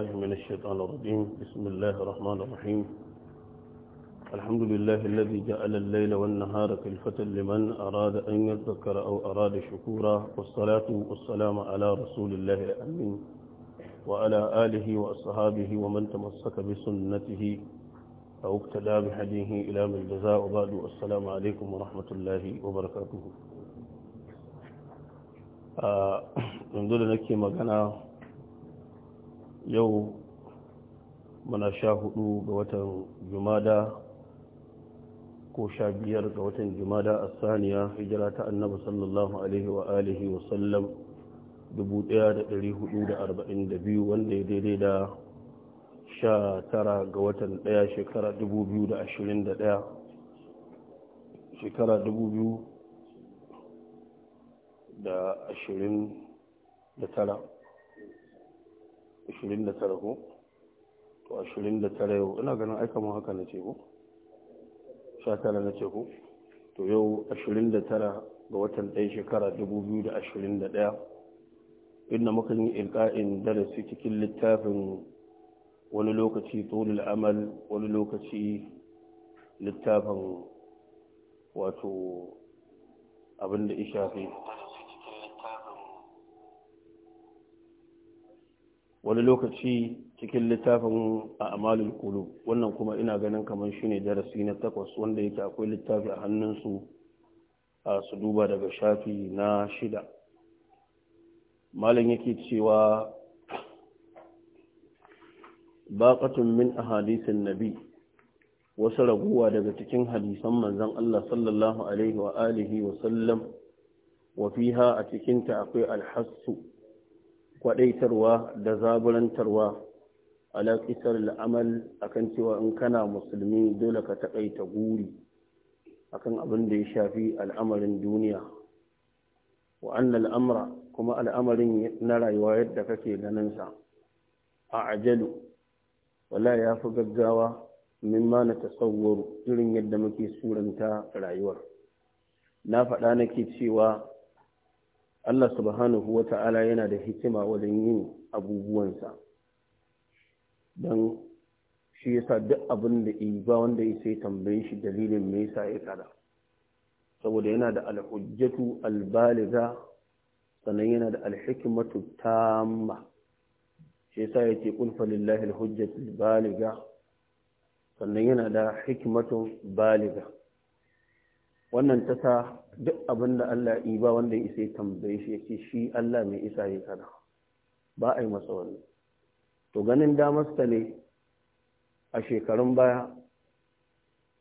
من الشيطان الرجيم بسم الله الرحمن الرحيم الحمد لله الذي جعل الليل والنهار كلفة لمن أراد أن يذكر أو أراد شكورا والصلاة والسلام على رسول الله الأمين وعلى آله وأصحابه ومن تمسك بسنته أو اقتدى بهديه إلى من جزاء بعد والسلام عليكم ورحمة الله وبركاته آه من دون نكي مغنى yau muna sha hudu ga watan jumada ko sha biyar ga watan jumada a saniya hijira ta annaba sallallahu alaihi wa alihi wa sallam 1442 wanda ya daidai da sha tara ga watan daya shekara 2021 shekara 2029 da tara ko to ashirin da tara yau ina ganin aika mun haka na ce ko tara na ce to yau ashirin da tara ga watan ɗaya shekara dubu biyu da da ashirin ɗaya inda muka yi ilka'in darasi cikin littafin wani lokaci tolul amal wani lokaci littafin wato abin da wani lokaci cikin littafin a amalin kulu wannan kuma ina ganin kamar shine darasi na takwas wanda yake akwai littafi a hannunsu a su duba daga shafi na shida malam yake cewa baƙatun min a hadisin nabi wasu raguwa daga cikin hadisan manzan Allah sallallahu alaihi wa sallam wa fiha a cikinta akwai alhassu kwadaitarwa da zaburantarwa alaƙisar kisar akan cewa in kana musulmi dole ka taƙaita guri akan abin da ya shafi al'amarin duniya Wa'annan al'amra kuma al'amarin na rayuwa yadda kake ganinsa a ajalu wala ya fi gaggawa ma na tasawwaro irin yadda muke suranta rayuwar na faɗa nake cewa Allah subhanahu wa ta'ala yana da hikima wajen yin abubuwansa don shi yasa duk abin da ba wanda ya sai tambaye shi dalilin mai yasa ya tsada, saboda yana da alhujjatu albaliga sannan yana da alhikmatu tamma shi yasa yake qul falillahi alhujjatu albaliga sannan yana da hikmatu baliga wannan ta sa duk abin da Allah yi ba wanda ya isa ya tambaye shi ya shi Allah mai isa ya kana ba a yi masa wani. to ganin damarsa ne a shekarun baya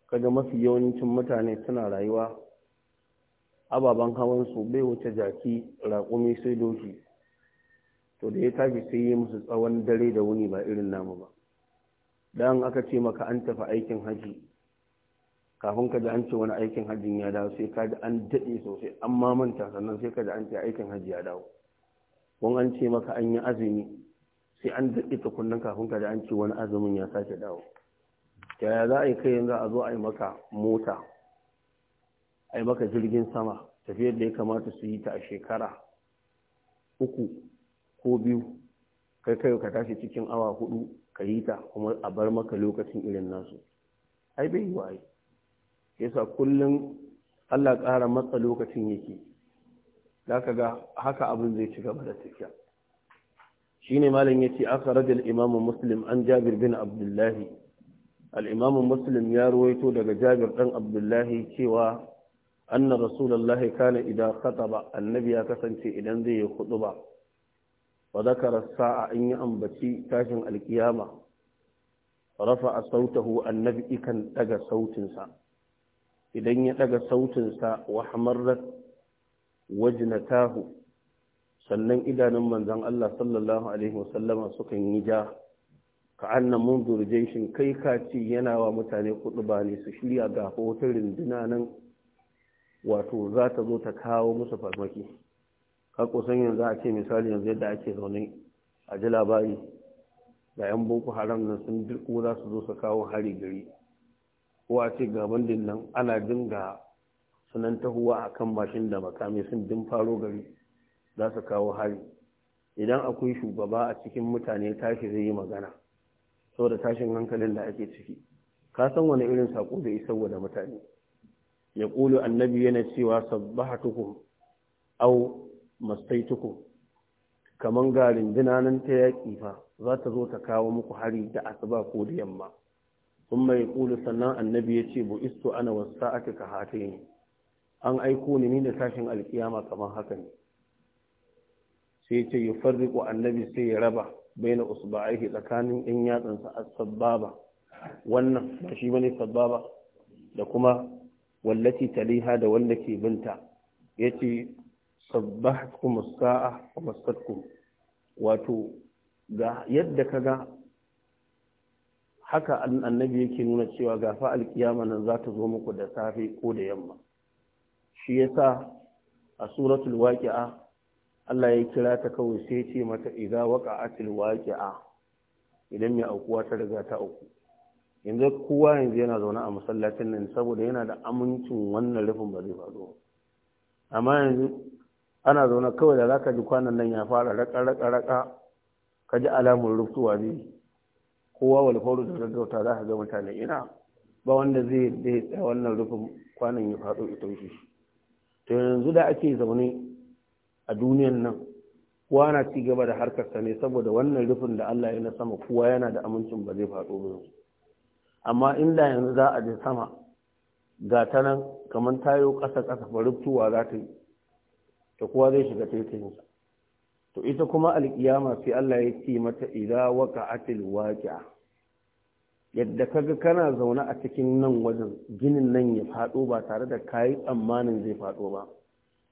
kaga mafi yawancin mutane suna rayuwa ababen su bai wuce jaki raƙumi sai doki to da ya tafi sai yi musu tsawon dare da wuni ba irin namu ba dan aka ce maka an tafi aikin haji kafin ka ji an ce wani aikin hajjin ya dawo sai ka ji an daɗe sosai an mamanta sannan sai ka ji an ce aikin hajji ya dawo wani an ce maka an yi azumi sai an daɗe ta kunnan kafin ka ji an ce wani azumin ya sake dawo yaya za a yi kai yanzu a zo a yi maka mota a yi maka jirgin sama tafiyar da ya kamata su yi ta a shekara uku ko biyu kai kai ka tashi cikin awa hudu ka yi ta kuma a bar maka lokacin irin nasu ai bai yi wa yasa kullum Allah ƙara matsa lokacin yake za ka ga haka abin zai ci gaba da tafiya shi ne malam ya ce aka raja al'imamun muslim an jabir bin abdullahi al'imamun muslim ya ruwaito daga jabir ɗan abdullahi cewa anna rasulallahi kana idan ba annabi ya kasance idan zai yi huɗu ba wa zakara sa'a an yi ambaci tashin alkiyama rafa a sautahu annabi ikan daga sautinsa idan ya daga sautinsa wa hamarrat wajnatahu sannan idanun manzon Allah sallallahu alaihi wasallama sukan yi ja ka anna munzur jaishin kai ka ce yana wa mutane kuɗuba ne su shirya ga hotar rinduna nan wato za ta zo ta kawo musu farmaki ka kusan yanzu a ce misali yanzu yadda ake zaune a ji labari ga 'yan boko haram nan sun za su zo su kawo hari gari kowa ce ga bandin nan ana dinga sunan tahuwa a kan mashin da makami sun din faro gari za su kawo hari idan akwai shugaba a cikin mutane tashi zai yi magana saboda tashin hankalin da ake ciki ka san wani irin sako da isa wa da mutane ya ƙulu annabi yana cewa sabbahatukum au mastaitukum kaman garin dinanan ta yaƙi fa za ta zo ta kawo muku hari da asuba ko da yamma sun mai ƙulu sannan annabi ya ce bu ana wasu sa'ati ka hata ne an aiko ni da tashin alƙiyama kamar haka ne sai ce yi farriko annabi sai ya raba bai na aiki tsakanin 'yan yatsansa a sababa wannan ba shi bane sababa da kuma wallaci taliha da wanda ke binta ya ce sabbahatkum sa'a wa wato ga yadda ga. haka annabi yake nuna cewa gafa alkiyama nan za ta zo muku da safe ko da yamma shi yasa a suratul waqi'a Allah ya kira ta kawai sai ce mata idza waqa'atil waqi'a idan mai aukuwa ta riga ta auku yanzu kowa yanzu yana zaune a masallacin nan saboda yana da amincin wannan rufin ba zai faɗo amma yanzu ana zaune kawai da zaka ji kwanan nan ya fara raka raka raka ka ji alamun rufuwa ne kowa wani horo da gaggauta za ka ga mutane ina ba wanda zai da wannan rufin kwanan ya faɗo ita wuce shi to yanzu da ake zaune a duniyan nan kowa na ci gaba da harkarsa ne saboda wannan rufin da Allah ya na sama kowa yana da amincin ba zai faɗo ba yanzu amma inda yanzu za a je sama ga ta nan kamar tayo ƙasa ƙasa farubtuwa za ta yi ta kowa zai shiga taitayinsa to ita kuma alkiyama sai Allah ya ce mata idza waqa'atil waqi'a yadda kaga kana zauna a cikin nan wajen ginin nan ya fado ba tare da kai tsammanin zai fado ba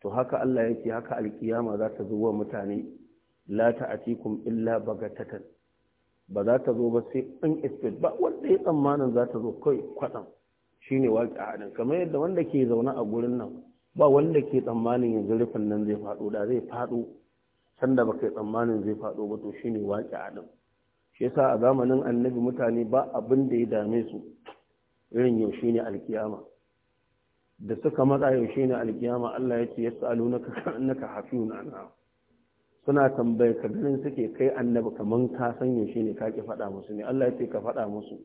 to haka Allah ya ce haka alkiyama za ta zo wa mutane la ta'atikum illa bagatatan ba za ta zo ba sai an expect ba wanda ya tsammanin za ta zo kai kwatsam shine waqi'a din kamar yadda wanda ke zaune a gurin nan ba wanda ke tsammanin yanzu rufin nan zai fado da zai fado sanda ba kai tsammanin zai faɗo ba to shine waƙi adam shi yasa a zamanin annabi mutane ba abin da ya dame su irin yau shine alkiyama da suka matsa yau shine alkiyama Allah ya ce ka ka'annaka Hafiun ana. suna tambaye ka ganin suke kai annabi kaman ka san yau shine ka ki faɗa musu ne Allah ya ce ka faɗa musu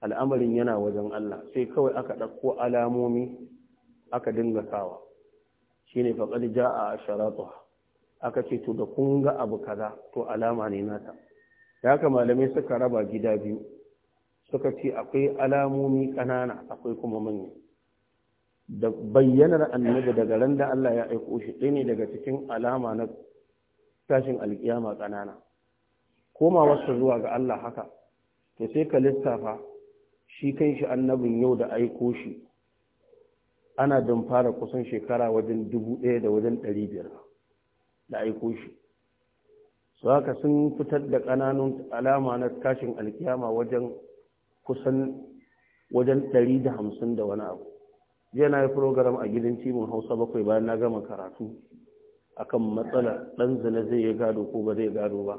al'amarin yana wajen Allah sai kawai aka ɗauko alamomi aka dinga sawa shine faqad ja'a asharatuha aka ce to da kun ga abu kaza to alama ne nata da haka malamai suka raba gida biyu suka ce akwai alamomi ƙanana akwai kuma manya da bayyanar annabi daga ran da Allah ya aiko shi ɗaya ne daga cikin alama na tashin alkiyama kanana koma wasu zuwa ga Allah haka to sai ka lissafa shi kan shi annabin yau da aiko shi ana don fara kusan shekara wajen dubu ɗaya da wajen ɗari biyar da aiko shi su haka sun fitar da ƙananun alama na tashin alkiyama wajen kusan wajen ɗari da hamsin da wani abu jiya na yi program a gidan timin hausa bakwai bayan na gama karatu akan matsala ɗan zina zai yi gado ko ba zai gado ba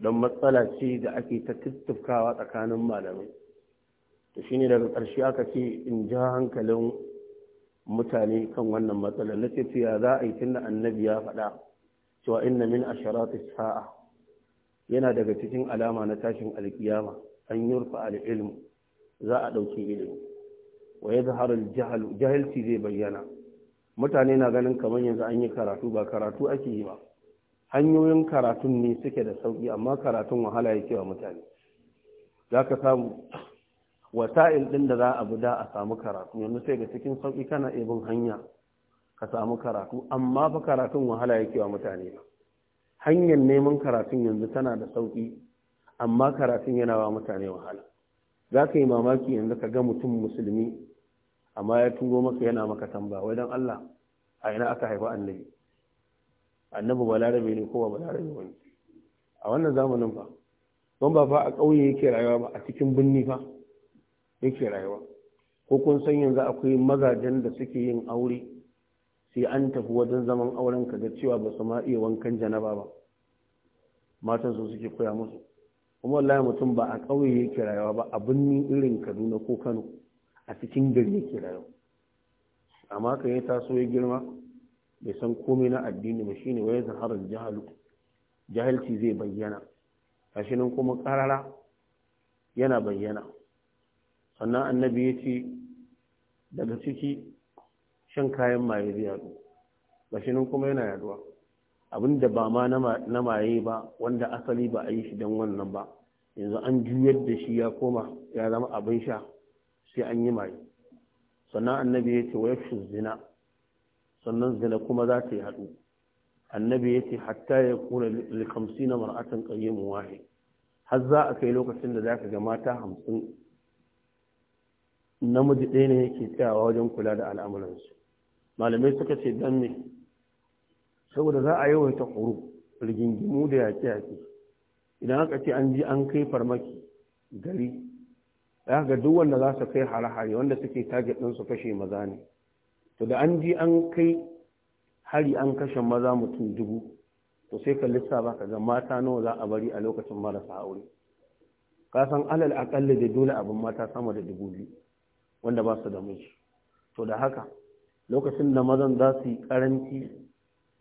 don matsala ce da ake ta tattafkawa tsakanin malamai to shine daga ƙarshe aka ce in ji hankalin mutane kan wannan matsala na ce ya za a yi tun da annabi ya faɗa cewa inna min asharat sa'a yana daga cikin alama na tashin alkiyama an yurfa al-ilm za a dauke ilimi wa yadhharu al-jahl jahilci zai bayyana mutane na ganin kamar yanzu an yi karatu ba karatu ake yi ba hanyoyin karatun ne suke da sauki amma karatun wahala yake wa mutane za samu wasa'il ɗin da za a bi da a samu karatu yanzu sai ga cikin sauki kana ibin hanya ka samu karatu amma fa karatun wahala yake wa mutane ba hanyar neman karatun yanzu tana da sauƙi amma karatun yana wa mutane wahala za ka yi mamaki yanzu ka ga mutum musulmi amma ya turo maka yana maka tamba wai don Allah a ina aka haifa annabi annabi balarabe ne kowa balarabe wani a wannan zamanin fa don ba fa a ƙauye yake rayuwa ba a cikin birni fa yake rayuwa ko kun san yanzu akwai mazajen da suke yin aure sai an tafi wajen zaman auren ka ga cewa ba su ma iya wankan janaba ba matan su suke koya musu kuma wallahi mutum ba a ƙauye yake rayuwa ba a birni irin kaduna ko kano a cikin gari yake rayuwa amma kan ya taso ya girma bai san komai na addini ba shine wai zaharar jahalu jahilci zai bayyana gashi nan kuma karara yana bayyana sannan annabi ya ce daga ciki shan kayan maye zai shi gashinin kuma yana yaduwa abin da ba ma na maye ba wanda asali ba a yi shi don wannan ba yanzu an juyar da shi ya koma ya zama abin sha sai an yi maye sannan annabi ya ce wa yafi zina sannan zina kuma za ta yi haɗu annabi ya ce hatta ya kuna likamsi na mar'atan ƙayyamin wahe har za a kai lokacin da za ka ga mata hamsin namiji ɗaya ne yake tsayawa wajen kula da al'amuransu malamai suka ce dan ne saboda za a yawaita ƙuru rigingimu da yaƙe-yaƙe idan aka ce an ji an kai farmaki gari ya ga duk wanda za su kai hare-hare wanda suke target ɗin su kashe maza ne to da an ji an kai hari an kashe maza mutum dubu to sai ka ba ka ga mata nawa za a bari a lokacin marasa aure ka san alal akalla da dole abin mata sama da dubu biyu wanda ba su da miji to da haka lokacin da mazan za su yi karanci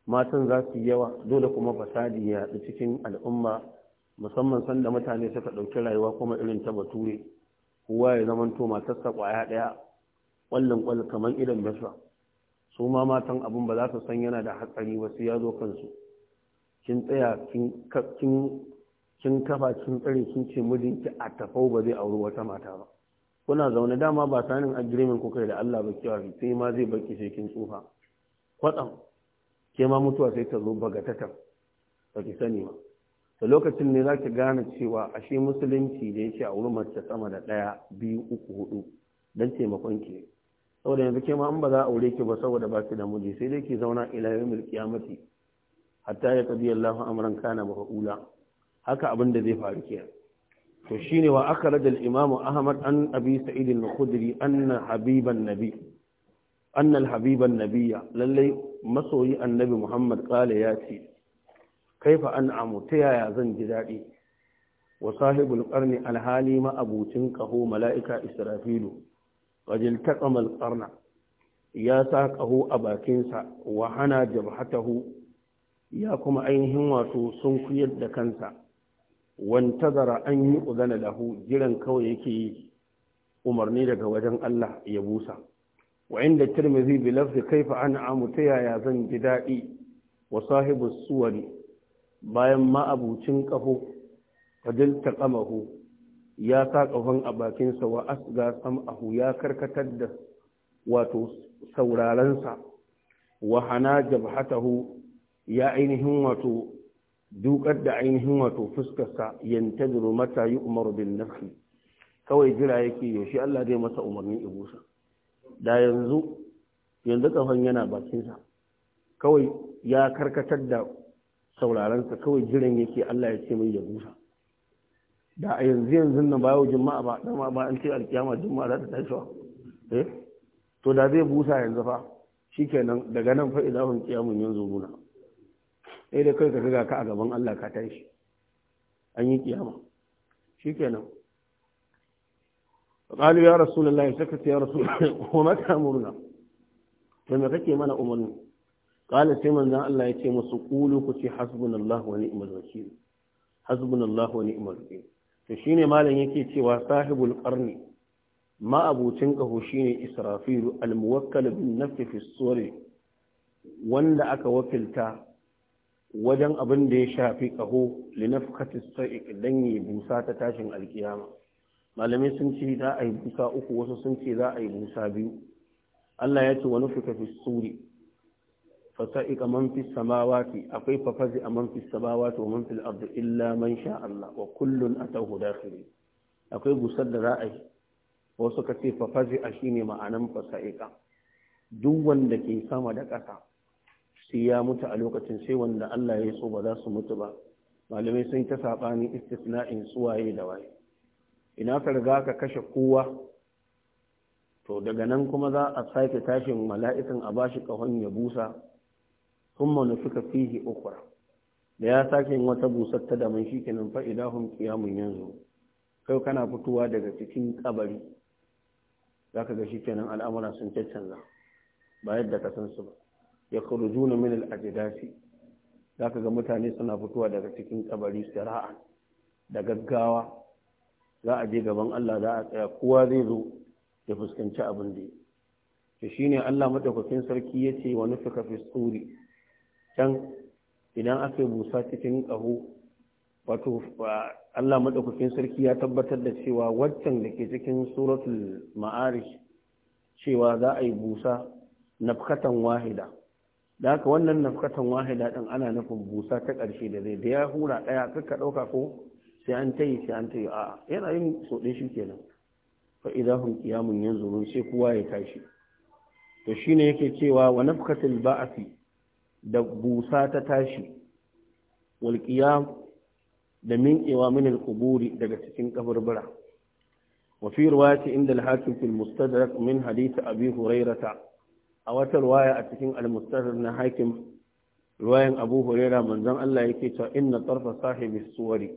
matan za su yi yawa dole kuma fasadi ya haɗu cikin al'umma musamman sanda mutane suka ɗauki rayuwa kuma irin ta bature kowa ya zama to matarsa ƙwaya ɗaya ƙwallon ƙwallon kamar idan basa su ma matan abin ba za su san yana da hatsari ba su ya zo kansu kin tsaya kin kafa kin tsare kin ce mijinki a tafau ba zai auri wata mata ba kuna zaune dama ba sanin agreement kuka da Allah ba kiwa sai ma zai baki sai kin tsufa kwatsam ke ma mutuwa sai ta zo bagatatan ba ki sani ba da lokacin ne za ki gane cewa ashe musulunci da yake a wurin mace sama da ɗaya biyu uku hudu don taimakon ki saboda yanzu ke ma an ba za a aure ki ba saboda ba ki da miji sai dai ki zauna ila yawmil qiyamati hatta ya qadi Allahu amran kana mafula haka abin da zai faru kenan to shine wa akhraj al imam ahmad an abi sa'id al khudri anna habiban nabi anna habiban masoyi annabi muhammad qala ya ce kaifa amu, ta yaya zan ji daɗi? wa sahibul ƙarni, alhali ma'abucin ma mala'ika israfilu rajul taqamal ƙarna. ya sa qaho a bakinsa wa hana jabhatahu ya kuma ainihin wato sun kuyar da kansa wantazara an yi uzana lahu jiran kawai yake yi umarni daga wajen Allah ya busa wa inda tirmidhi bi lafzi kaifa an amu ta yaya zan ji daɗi wa sahibu suwari bayan ma'abucin ƙaho fadil ta ƙamahu ya sa ƙahon a bakinsa wa asga sam'ahu ya karkatar da wato saurarensa wa hana jabhatahu ya ainihin wato dukar da ainihin wato fuskarsa yantaziru mata yi umaru bin nafi kawai jira yake yaushe Allah zai masa umarnin ibusa da yanzu yanzu kafan yana bakinsa kawai ya karkatar da saurarensa kawai jiran yake Allah ya ce mai ya busa da a yanzu yanzu nan bayo jima'a ba dama ba an ce alkiyama jima'a za ta tashi eh to da zai busa yanzu fa shikenan daga nan fa idan kiyamun yanzu nuna? sai da kai ka ga ka a gaban Allah ka tashi an yi kiyama shikenan qalu ya rasulullahi saka ce ya rasulullahi wa ta murna. to me kake mana umarni qala sai manzon Allah ya ce musu qulu ku ce hasbunallahu wa ni'mal wakeel hasbunallahu wa ni'mal wakeel to shine malam yake cewa sahibul qarni ma abucin kaho shine israfilu al-muwakkal bin nafsi fi wanda aka wakilta wajen abin da ya shafi ƙaho linafkatis sai dan yi busa ta tashin alkiyama malamai sun ce za a yi busa uku wasu sun ce za a yi busa biyu Allah ya ce wani nufika fi suri fasa'iqa man fi samawati akwai fafazi a man fi samawati wa man fil ardi illa man sha Allah wa kullun atahu dakhirin akwai busar da za a yi wasu ka ce fafazi a shine ma'anan fasa'iqa duk wanda ke sama da ƙasa sai ya mutu a lokacin sai wanda Allah ya so ba za su mutu ba malamai sun ta saɓani istisna'in suwaye da waye ina ka riga ka kashe kowa to daga nan kuma za a sake tashin mala'ikan a bashi kahon ya busa sun suka fihi ukura da ya sake yin wata busar ta daman shi kenan fa'ida hun kiyamun yanzu kai kana fitowa daga cikin kabari za ka ga shi kenan al'amura sun caccanza ba yadda ka san su ba ya juna min ajidasi za zaka ga mutane suna fitowa daga cikin kabari da gaggawa za a je gaban Allah za a tsaya kowa zai zo ya fuskanci abin da ya to shine Allah madaukakin sarki ya ce wani suka fi suri can idan aka busa cikin ƙaho wato Allah madaukakin sarki ya tabbatar da cewa waccan da ke cikin suratul ma'arish cewa za a yi busa nafkatan wahida da haka wannan nafkatan wahida din ana nufin busa ta ƙarshe da zai da ya hura ɗaya kakka ɗauka ko sai an tayi sai an tayi a'a yana yin so ɗin shi nan. fa idan hum qiyamun yanzurun sai kowa ya tashi to shine yake cewa wa nafkatul ba'fi da busa ta tashi wal qiyam da minkewa min al quburi daga cikin kaburbura وفي inda al hakim fil mustadrak min hadith abi هريرة a wata ruwaya a cikin al na hakim ruwayan abu huraira manzon Allah yake cewa inna tarfa sahibi suwari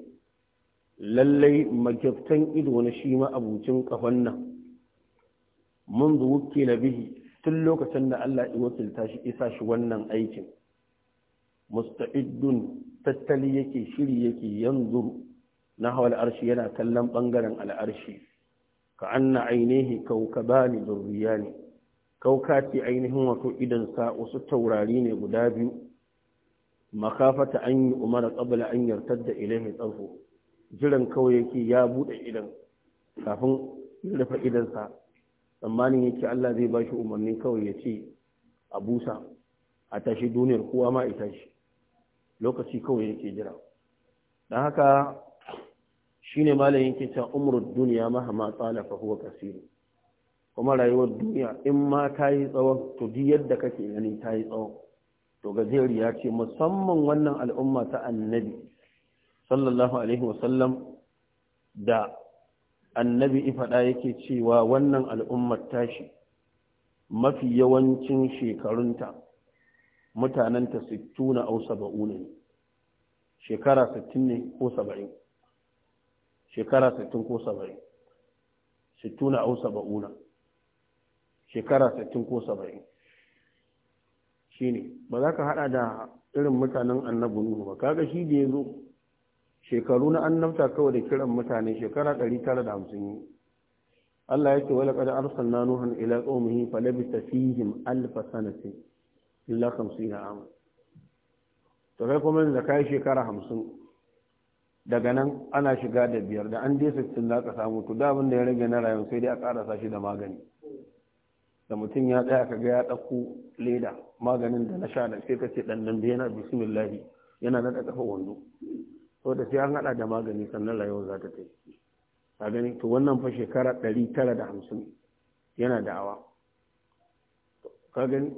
lallai magiftan ido na shi ma abucin kafan nan mun wukila bihi tun lokacin da Allah ya wakilta shi isa shi wannan aikin musta'iddun tattali yake shiri yake yanzu na hawal arshi yana kallon bangaren al'arshi ka anna ainihi kaukabani zurriyani kauka ce ainihin wato sa wasu taurari ne guda biyu makafata an yi umara ƙabala an yartar da ilai mai tsarfo jiran kawai yake ya buɗe idan kafin rufe idansa tsammanin yake Allah zai ba shi umarni kawai ya ce a busa a tashi duniyar kowa ma ita shi, lokaci kawai yake jira don haka shine malamin yake cewa duniya mahama tsala fa huwa kasiru kuma rayuwar duniya in ma ta yi tsawon to duk yadda kake gani ta yi tsawon to ya ce musamman wannan al'umma ta annabi sallallahu alaihi wasallam da annabi ifada yake cewa wannan al'ummar tashi mafi yawancin shekarunta mutanenta sittuna au saba'una ne shekara 60 ne ko 70 shekara 60 ko 70 sittuna au saba'una shekara 60 ko 70 shine ba za ka hada da irin mutanen annabu nuhu ba kaga shi da yazo shekaru na annabta kawai da kiran mutane shekara 950 Allah yake wala qad arsalna nuhan ila qaumihi falabisa fihim alf sanati illa 50 am to kai kuma da kai shekara 50 daga nan ana shiga da biyar da an je 60 za ka samu to da abin da ya rage na rayuwa sai dai a karasa shi da magani da mutum ya tsaya ka ga ya ɗauko leda maganin da na sha da sai ka ce ɗan nan yana bismillahi yana na ƙafa wando saboda sai an haɗa da magani sannan layo za ta ta a gani to wannan fa shekara ɗari tara da hamsin yana da'awa ka gani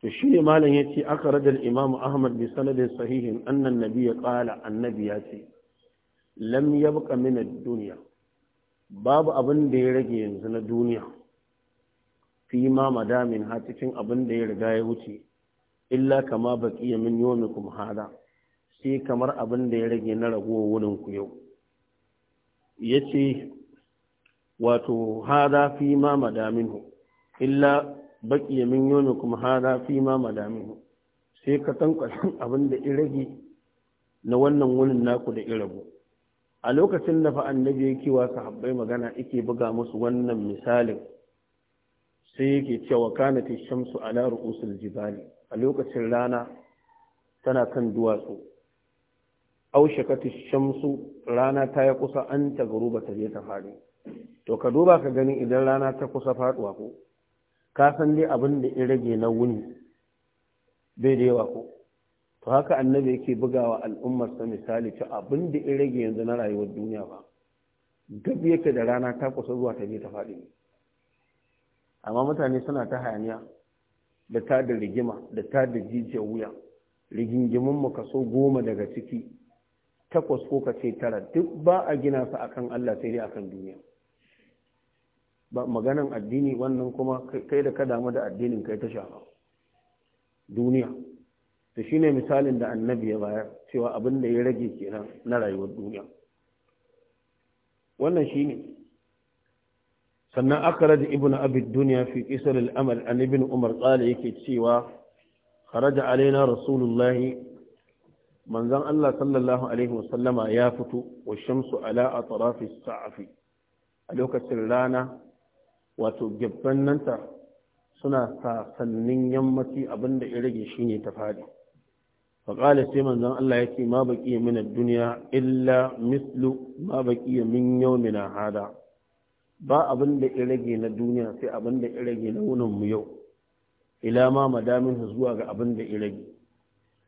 to shi ne malam ya ce aka radar imamu ahmad bi sanadin sahihin annan nabi ya ƙala annabi ya ce lam yabqa min ad-dunya babu abin da ya rage yanzu na duniya fi ma madamin ha cikin abin da ya riga ya wuce illa kama baqiya min yawmikum hada sai kamar abin da ya rage na ragowar wurin ku yau yace wato hada fi ma madaminhu illa baqiya min yawmikum hada fi ma madaminhu sai ka tankwashin abin da ya rage na wannan wurin naku da irabu a lokacin da fa annabi yake wa sahabbai magana yake buga musu wannan misalin sai yake cewa kana ta shamsu na ru'usul jibali a lokacin rana tana kan duwatsu Au shakati shamsu rana ta ya kusa an ta garuba ta je ta faɗi to ka duba ka gani idan rana ta kusa faɗuwa ko ka san dai abin da ya rage na wuni bai da yawa ko to haka annabi yake bugawa al'ummar sa misali ta abin da ya rage yanzu na rayuwar duniya ba gabi yake da rana ta kusa zuwa ta je ta faɗi amma mutane suna ta hayaniya da ta da rigima da ta da jijiyar wuya rigingimin mu kaso goma daga ciki takwas ko ka ce tara duk ba a gina su akan Allah sai dai akan duniya ba maganan addini wannan kuma kai da ka damu da addinin kai ta shafa duniya to shine misalin da annabi ya bayar cewa abin da ya rage kenan na rayuwar duniya wannan shine sannan akhraj ibnu Abid duniya fi qisal al a an umar qala yake cewa kharaja alaina rasulullahi manzan Allah sallallahu alaihi wasallama ya fito wa shamsu ala a as sa'afi, a lokacin rana wato gibban nan ta suna sasannin yammaci abinda ya rage shine ta fadi فقال سيما زن الله يكي ما بقي duniya illa mislu ma baƙi ya من يومنا هذا ba abin da ya rage na duniya sai abin da ya rage na wunin mu yau ila ma madamin zuwa ga abin da ya rage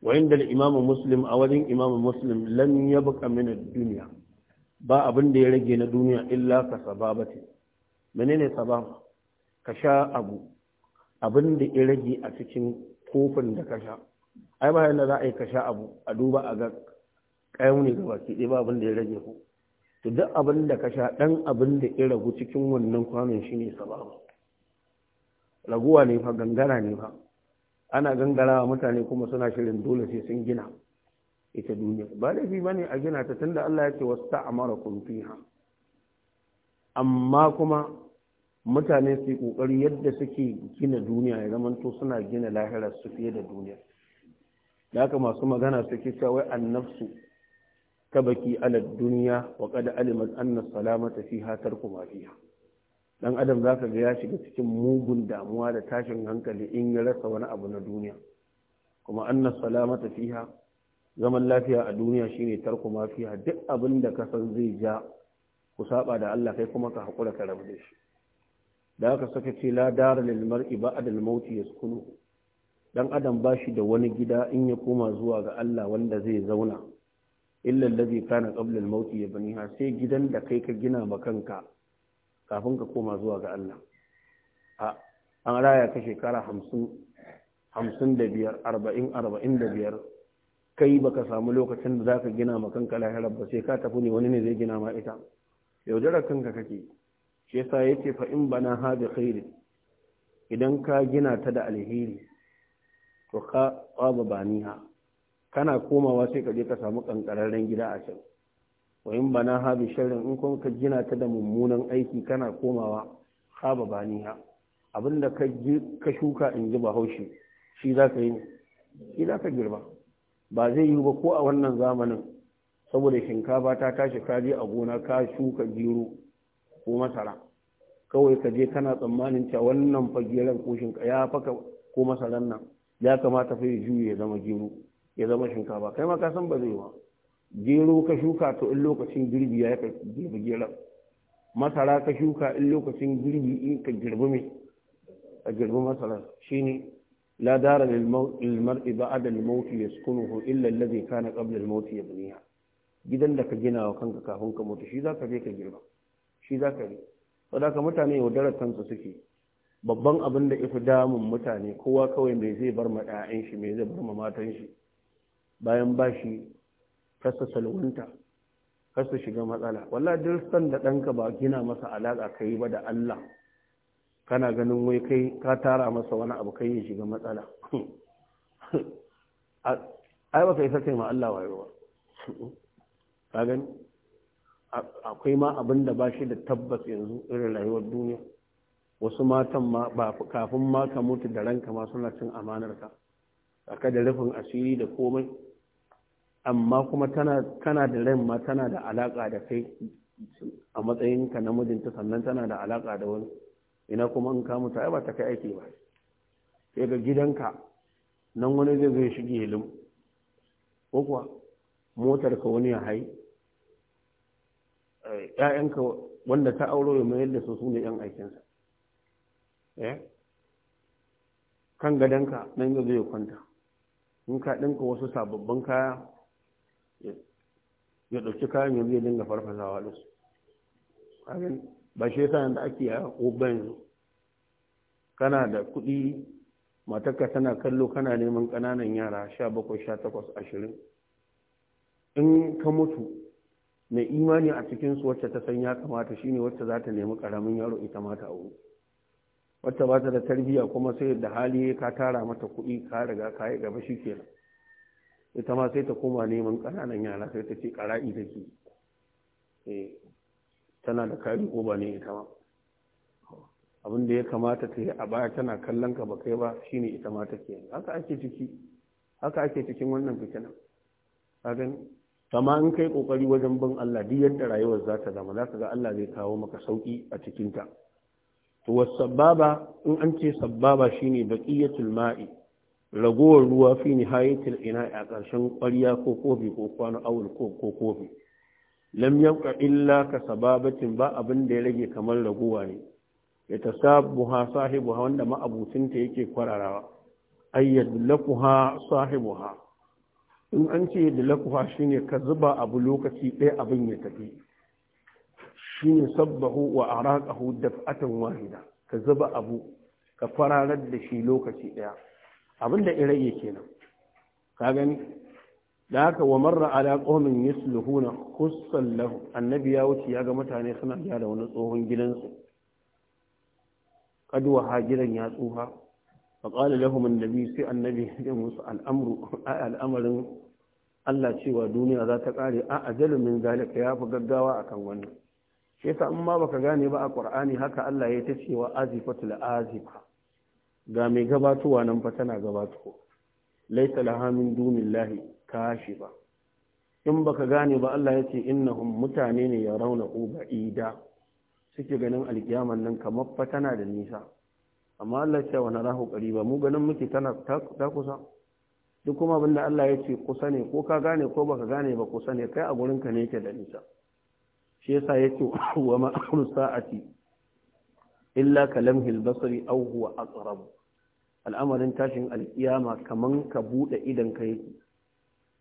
wa inda imamu muslim a wajen imamu muslim lan yabqa min ad-dunya ba abin da ya rage na duniya illa ka sababati menene sabab ka sha abu abin da ya rage a cikin kofin da ka sha ai ba yanda za a yi ka sha abu a duba a ga kayan ne gaba ki ba abin da ya rage ku to duk abin da ka sha ɗan abin da ya ragu cikin wannan kwanon shi ne sababu. raguwa ne fa gangara ne fa ana gangarawa mutane kuma suna shirin dole sai sun gina ita duniya ba laifi ba ne a gina ta tunda Allah yake ce wasu ta'amara kun fiha amma kuma mutane su yi ƙoƙari yadda suke gina duniya ya zamanto suna gina lahirar su fiye da duniya da haka masu magana suke cewa wai annafsu baki ala duniya wa qad alimat anna salamata fiha tarku ma dan adam zaka ga ya shiga cikin mugun damuwa da tashin hankali in ya rasa wani abu na duniya kuma anna salamata fiha zaman lafiya a duniya shine tarku ma duk abin da ka san zai ja ku saba da Allah kai kuma ka hakura ka rabu da shi da aka saka ce la dara lil mar'i ba'da al maut yaskunu dan adam bashi da wani gida in ya koma zuwa ga Allah wanda zai zauna illa allazi kana qabla al ya baniha, sai gidan da kai ka gina ma kanka kafin ka koma zuwa ga Allah a an raya ka shekara 50 55 45 kai baka samu lokacin da zaka gina ma kanka lahirar ba sai ka tafi ne wani ne zai gina ma ita yaudarar kanka kake shi yasa yace fa in bana ha khairi idan ka gina ta da alheri to ka qaba baniha kana komawa sai ka je ka samu kankararren gida a can wayin bana habi sharrin in kuma ka gina ta da mummunan aiki kana komawa haba baniha abinda ka ka shuka in ji bahaushe shi za ka yi ne shi za ka girba ba zai yi ba ko a wannan zamanin saboda shinkafa ta tashi ka je a gona ka shuka jiro ko masara kawai ka je kana tsammanin cewa wannan fageren ko shinka ya faka ko masaran nan ya kamata fa ya juye zama jiro. ya zama shinkafa kai ma ka san ba zai ba gero ka shuka to in lokacin girbi ya ka girbi geron masara ka shuka in lokacin girbi in ka girbi mai a girbi masara shine la dara lil mar'i ba'da al maut yaskunuhu illa alladhi kana qabla al maut yabniha gidan da ka gina wa kanka kafin ka mutu shi zaka je ka girba shi zaka yi saboda mutane yaudarar kansu suke babban abin da ifi damun mutane kowa kawai mai zai bar ma 'ya'yan shi mai zai bar ma matan shi bayan ba shi kasa salwanta fasa shiga matsala walla dirsan da ɗanka ba gina masa alaƙa ka ba da Allah kana ganin wai kai ka tara masa wani abu kai ya shiga matsala ai baka isa kai ma Allah wayo ka gani akwai ma abin da ba shi da tabbas yanzu irin rayuwar duniya wasu matan ma ba kafin ma ka mutu da ranka ma suna cin amanarka aka da rufin asiri da komai amma kuma tana da ran ma tana da alaƙa da kai a matsayinka na mijinta sannan tana da alaƙa da wani ina kuma in ka mutu ba ta kai aiki ba sai ga gidanka nan wani zai zai shige hilim ko kuwa motar ka wani ya hai eh, ƴaƴanka wanda ta auro ya mayar da su su ne ƴan aikinsa eh? kan gadanka nan zai kwanta in ka ɗinka wasu sababbin kaya ya ɗauki kayan yanzu ya dinga farfasawa da su ba shi yasa da ake a ƙoban kana da kuɗi matarka tana kallo kana neman ƙananan yara sha bakwai sha takwas ashirin in ka mutu mai imani a cikinsu wacce ta san ya kamata shine wacce za ta nemi ƙaramin yaro ita mata a wuri wacce ba ta da tarbiyya kuma sai da hali ka tara mata kuɗi ka riga ka yi gaba shi kenan ita ma sai ta koma neman ƙananan yara sai ta ce ƙara'i da ke. Eh, tana da kari ko ba ne ita ma abin da ya kamata ta yi a baya tana kallon ka ba kai ba shine ita ma ke. haka ake ciki haka ake cikin wannan fitina kagan amma in kai ƙoƙari wajen bin Allah duk yadda rayuwar za ta zama za ka ga Allah zai kawo maka sauƙi a cikin ta to in an ce sababa shine baqiyatul ma'i ragowar ruwa fi ni hayatul ina a ƙarshen ƙwarya ko kofi ko kwano awul ko kofi lam yabqa illa ka sababatin ba abin da ya rage kamar ragowa ne ya sahibu sahibuha wanda ta yake kwararawa ay sahibu sahibuha in an ce yadlaquha shine ka zuba abu lokaci ɗaya abin ya tafi shine sabbahu wa araqahu daf'atan wahida ka zuba abu ka fararar da shi lokaci ɗaya Abin da rage ke nan, ka gani da haka wa marra ala yi yusluhuna kusan lahu annabi ya wuce ya ga mutane suna gyara wani tsohon gidansu Kaduwa ha gidan ya tsufa fa qala lahum annabi sai annabi ya musu al'amarin Allah cewa duniya za ta kare a ajalin min zalika ya fi gaggawa akan wannan sai sa amma baka gane ba a qur'ani haka Allah ya ta cewa azifatul azifa ga mai gabatowa nan fa tana gabatowa laisa laha min dunillahi kashifa in baka gane ba Allah yace innahum mutane ne ya rauna ida. suke ganin alkiyaman nan kamar fa tana da nisa amma Allah ya ce wa narahu qariba mu ganin muke tana ta kusa duk kuma abinda Allah ya ce kusa ne ko ka gane ko baka gane ba kusa ne kai a gurin ka ne yake da nisa shi yasa yace wa sa'ati illa kalamhil basari aw huwa aqrab al'amarin tashin alkiyama kaman ka bude idan ka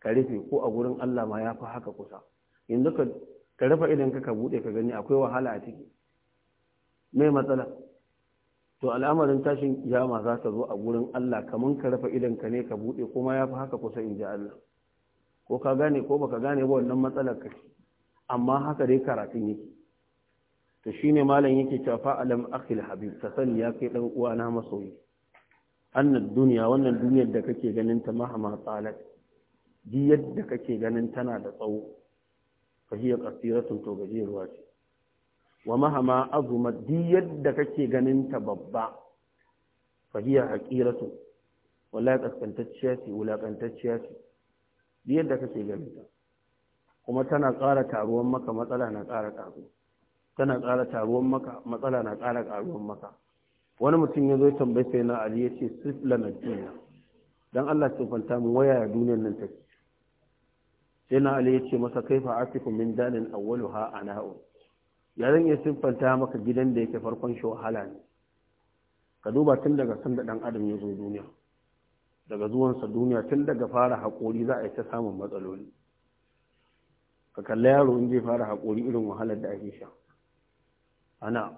ka rufe ko a gurin Allah ma yafi haka kusa yanzu ka ka rufe idan ka ka bude ka gani akwai wahala a ciki mai matsala to al'amarin tashin kiyama za ta zo a gurin Allah kaman ka rufe idan ka ne ka bude kuma yafi haka kusa in ji Allah ko ka gane ko baka gane ba wannan matsalar ka amma haka dai karatun yake shi ne malam yake cewa fa alam akhil habib ka sani ya kai dan uwa na masoyi annad duniya wannan duniyar da kake ganin ta mahama tsalat ji yadda kake ganin tana da tsawo fa hiya qasiratun to gajeruwa ce wa mahama azuma ji yadda kake ganin ta babba fa hiya haqiratun wallahi kaskantacciya ce wulakantacciya ce ji yadda kake ganin ta kuma tana ƙara taruwan maka matsala na ƙara ƙaruwa tana ƙara taruwan maka matsala na ƙara ƙaruwan maka wani mutum ya zo ya tambayi sai na ali ya ce sifla duniya dan Allah tsofanta mu waya duniyar nan take sai na ali ya ce masa kaifa asifu min dalin awwaluha ana'u ya zan iya siffanta maka gidan da yake farkon shi wahala ne ka duba tun daga san da dan adam ya zo duniya daga zuwansa duniya tun daga fara haƙori za a yi ta samun matsaloli ka kalla yaro in zai fara haƙori irin wahalar da ake sha ana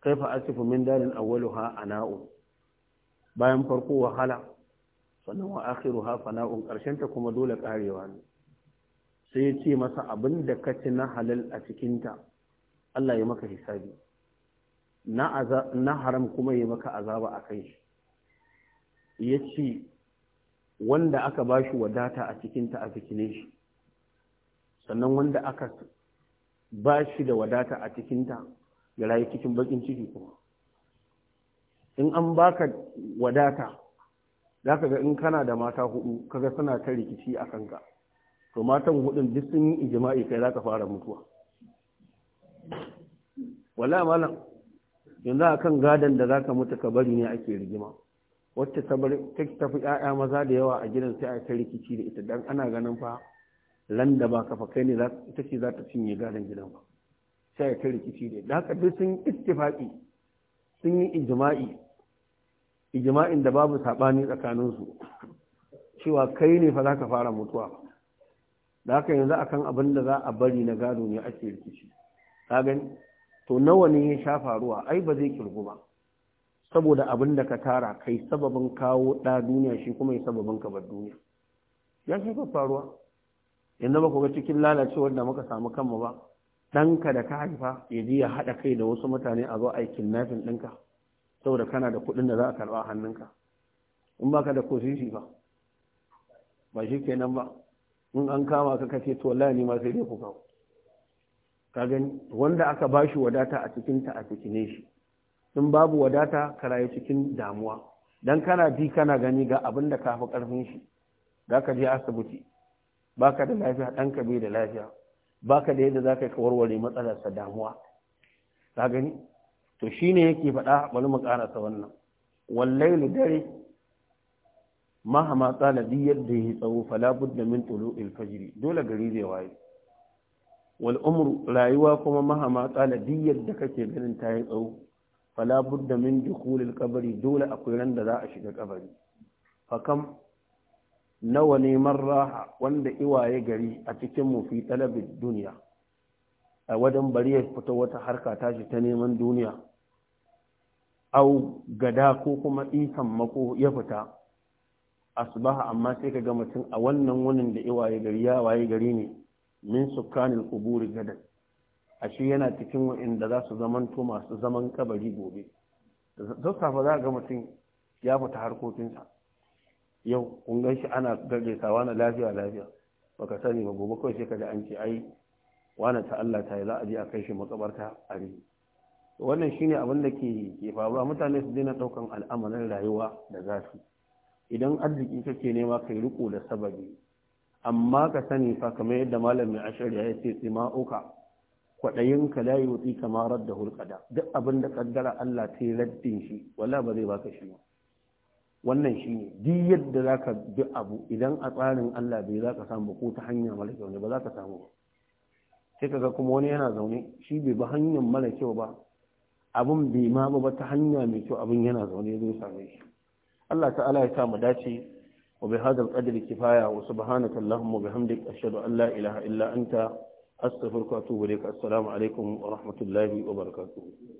kaifa asifu min darin awwaluha ana'u bayan farko wahala sannan wa akhiruha fana'un karshen ta kuma dole karewa ne sai ya ce masa abin da ka ci na halal a cikinta Allah ya maka hisabi na haram kuma ya maka azaba a kai ya ce wanda aka bashi wadata a cikinta a fikine shi sannan wanda aka ba shi da wadata a cikinta ya rayu cikin bakin ciki kuma in an baka wadata za ka ga in kana da mata hudu kaga suna ta rikici a kanka to matan hudun duk sun yi ijima'i kai za ka fara mutuwa Wala malam yanzu a kan gadon da za ka mutu ka bari ne ake rigima wacce ta fi 'ya'ya maza da yawa a gidan sai a ta rikici da ita dan ana ganin fa landa ba kafa kai ne ita ce za ta cinye gadon gidan ba sai ta rikici ne da haka duk sun ittifaqi sun yi ijma'i ijma'in da babu sabani tsakanin su cewa kai ne fa za ka fara mutuwa da haka yanzu akan abin da za a bari na gado ne ake rikici ka gani to nawa ne ya sha faruwa ai ba zai kirgu ba saboda abin da ka tara kai sababin kawo ɗa duniya shi kuma ya sababin ka bar duniya ya shi faruwa yanzu ba ku ga cikin lalacewar da muka samu kanmu ba ɗanka da ka haifa ya ji ya haɗa kai da wasu mutane a zo aikin nafin ɗinka saboda kana da kuɗin da za a karɓa a hannunka in baka da kosishi ba ba shi kenan ba in an kama ka kace to wallahi ni ma sai dai ku kawo ka gani wanda aka bashi wadata a cikin ta a cikin shi in babu wadata ka rayu cikin damuwa dan kana ji kana gani ga abin da ka fi karfin shi da ka je asibiti baka da lafiya ɗanka bai da lafiya baka da yadda zaka ka warware matsalar sa damuwa ka gani to shine yake faɗa bari mu karasa wannan wallailu dare mahama tsala biyar yadda ya tsawo fala budda min tulu'il fajri dole gari zai waye wal umru rayuwa kuma mahama tsala biyar yadda kake ganin ta yi tsawo fala budda min dukhulil qabri dole akwai randa za a shiga kabari kam. nawa ne raha wanda iwaye gari a cikin mu fi talabin duniya a wajen bari ya fita wata harka tashi ta neman duniya au gada ko kuma isan mako ya fita asbaha amma sai ka ga mutum a wannan wunin da iwaye gari ya waye gari ne min sukanin kuburi gadan ashe yana cikin wa'inda za su zamanto masu zaman kabari gobe safa za ga mutum ya fita harkokinsa yau kun gan shi ana gaggaisawa na lafiya lafiya baka sani ba gobe kawai sai ka da an ce ai wani ta Allah ta yi za a je a kai shi makabarta a ri wannan shine abin da ke ke faruwa mutane su daina daukan al'amarin rayuwa da zasu idan arziki kake nema kai riko da sababi amma ka sani fa kamar yadda malamin ashariya ya ce tsima'uka kwaɗayin ka layi wuti kamar da hulkada duk abin da kaddara Allah ta yi raddin shi wala ba zai baka shi ba wannan shi ne duk yadda za ka bi abu idan a tsarin Allah bai za ka samu ko ta hanyar mara kyau ne ba za ka samu ba sai kuma wani yana zaune shi bai bi hanyar mara kyau ba abin bai ma ba ta hanya mai kyau abin yana zaune zo same shi Allah ta'ala ya sa mu dace wa bi hadal qadri kifaya wa subhanaka allahumma bihamdik ashhadu an la ilaha illa anta astaghfiruka wa atubu ilaik assalamu alaikum wa rahmatullahi wa barakatuh